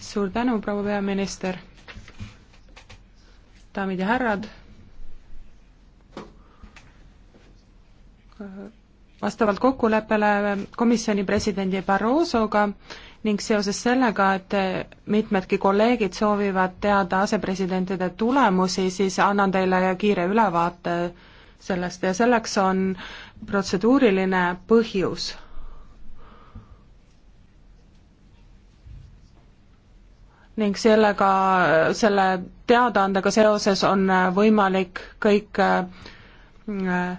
suur tänu, proua peaminister. daamid ja härrad. vastavalt kokkuleppele komisjoni presidendi Barrosoga ning seoses sellega, et mitmedki kolleegid soovivad teada asepresidentide tulemusi, siis annan teile kiire ülevaate sellest ja selleks on protseduuriline põhjus ning sellega, selle teadaandega seoses on äh, võimalik kõik äh, äh,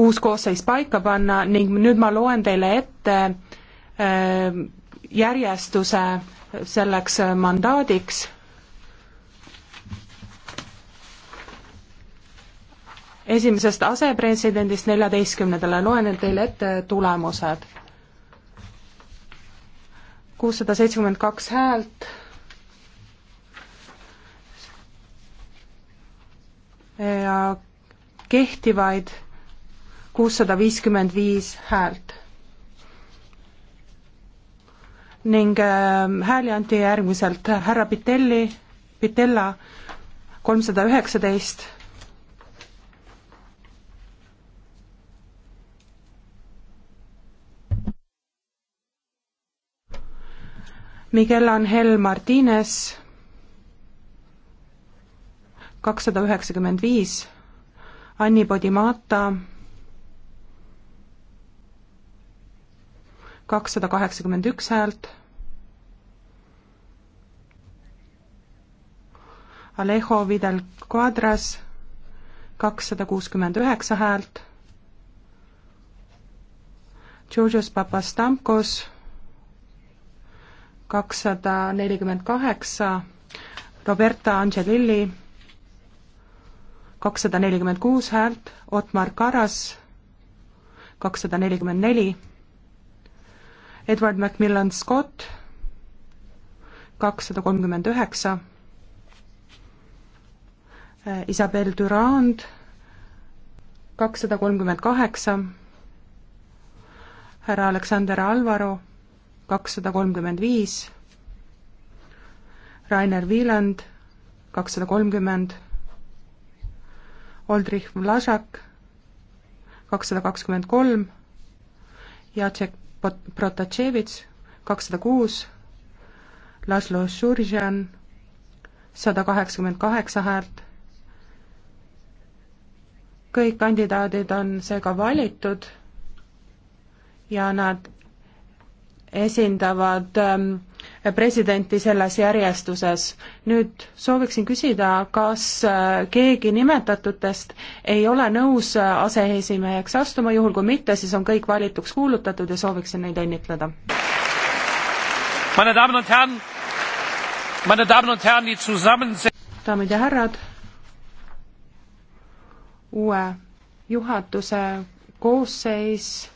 uus koosseis paika panna ning nüüd ma loen teile ette järjestuse selleks mandaadiks. esimesest asepresidendist neljateistkümnendale loen teile ette tulemused. kuussada seitsekümmend kaks häält ja kehtivaid kuussada viiskümmend viis häält. ning ähm, hääli anti järgmiselt härra Pitelli, Pitella kolmsada üheksateist, Miguel Angel Martinez kakssada üheksakümmend viis, Anni Podimata kakssada kaheksakümmend üks häält, Alejo Vidal Cuadras kakssada kuuskümmend üheksa häält, Georgios Papastamkos kakssada nelikümmend kaheksa, Roberta Angelilli kakssada nelikümmend kuus häält, Otmar Karas kakssada nelikümmend neli, Edward Macmillan Scott kakssada kolmkümmend üheksa, äh, Isabel Durand kakssada kolmkümmend kaheksa, härra Aleksander Alvaro kakssada kolmkümmend viis, Rainer Wieland kakssada kolmkümmend Oldrich Vlasak kakssada kakskümmend kolm, Jacek Protasevitš kakssada kuus, Laslo Šuržan sada kaheksakümmend kaheksa häält. kõik kandidaadid on seega valitud ja nad esindavad ähm, presidenti selles järjestuses. nüüd sooviksin küsida, kas äh, keegi nimetatutest ei ole nõus äh, aseesimeheks astuma, juhul kui mitte, siis on kõik valituks kuulutatud ja sooviksin neid õnnitleda. daamid ja härrad, uue juhatuse koosseis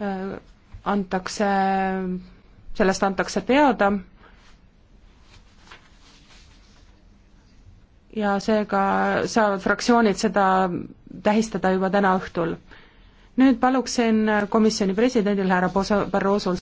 äh, antakse sellest antakse teada ja seega saavad fraktsioonid seda tähistada juba täna õhtul. nüüd paluksin komisjoni presidendil härra Barroso'l